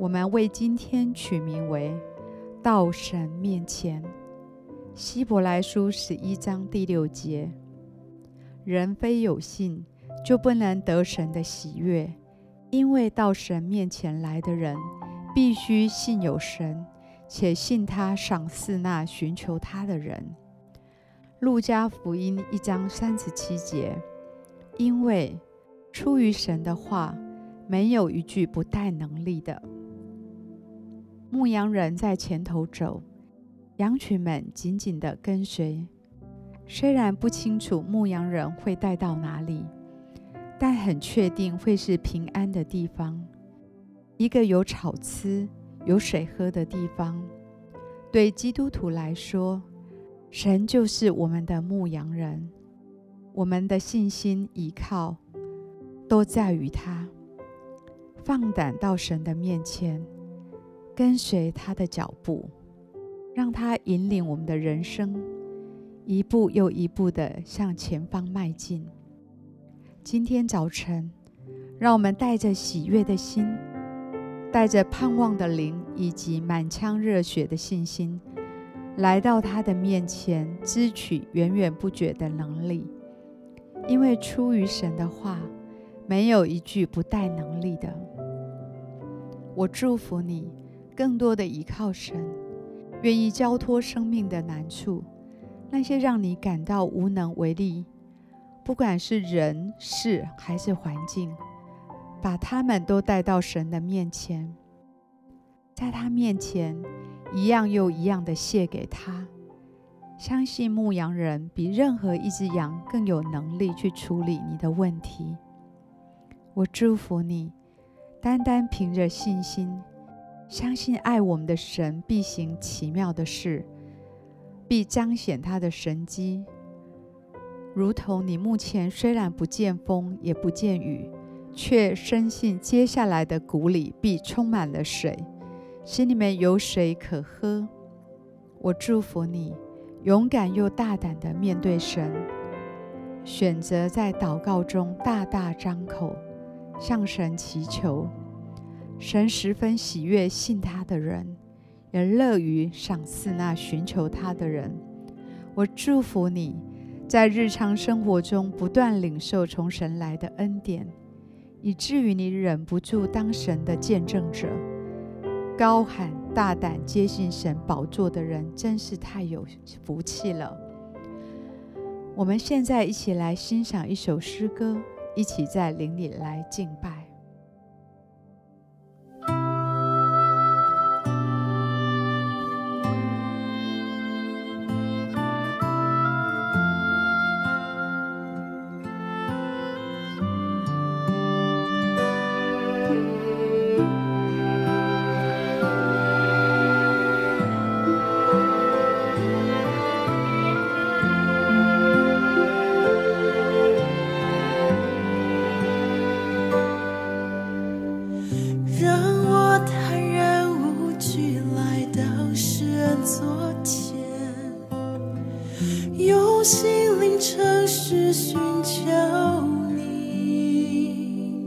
我們為今天取名為“到神面前”。希伯來書十一章第六節：“人非有信，就不能得神的喜悅，因為到神面前來的人，必須信有神，且信他賞賜那尋求他的人。”路加福音一章三十七節：“因為出於神的話，沒有一句不帶能力的。”牧羊人在前頭走，羊群們緊緊地跟隨。雖然不清楚牧羊人會帶到哪裡，但很確定會是平安的地方，一個有草吃、有水喝的地方。對基督徒來說，神就是我們的牧羊人，我們的信心依靠都在於他。放膽到神的面前。跟隨他的腳步，讓他引領我們的人生，一步又一步地向前方邁進。今天早晨，讓我們帶着喜悅的心，帶着盼望的靈，以及滿腔熱血的信心，來到他的面前，支取源源不絕的能力。因為出於神的話，沒有一句不帶能力的。我祝福你。更多的依靠神，願意交托生命的難處，那些讓你感到無能為力，不管是人、事還是環境，把他們都帶到神的面前，在他面前，一樣又一樣的卸給他，相信牧羊人比任何一隻羊更有能力去處理你的問題。我祝福你，單單憑着信心。相信愛我們的神必行奇妙的事，必彰顯他的神蹟。如同你目前雖然不見風，也不見雨，卻深信接下來的谷裡必充滿了水，心裡面有水可喝。我祝福你，勇敢又大膽的面對神，選擇在禱告中大大張口，向神祈求。神十分喜悅信他的人，也樂於賞賜那尋求他的人。我祝福你，在日常生活中不斷領受從神來的恩典，以至於你忍不住當神的見證者，高喊、大膽接近神寶座的人，真是太有福氣了。我們現在一起來欣賞一首詩歌，一起在靈裡來敬拜。昨天，用心靈誠實尋求你，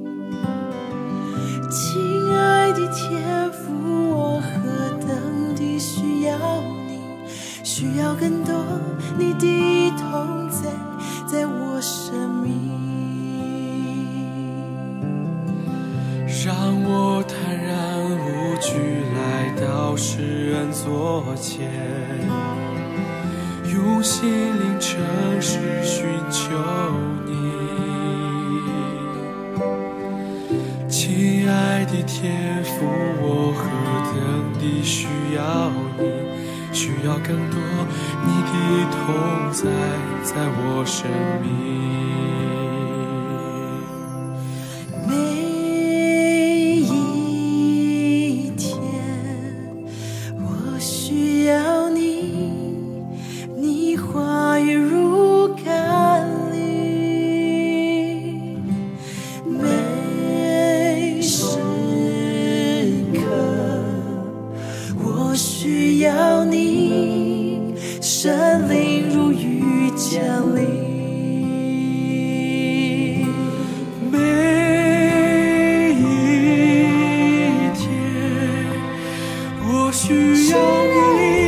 親愛的天父，我何等地需要你，需要更多你的。多虔，用心靈誠實尋求你，親愛的天父，我何等地需要你，需要更多你的同在在我生命。需要祢。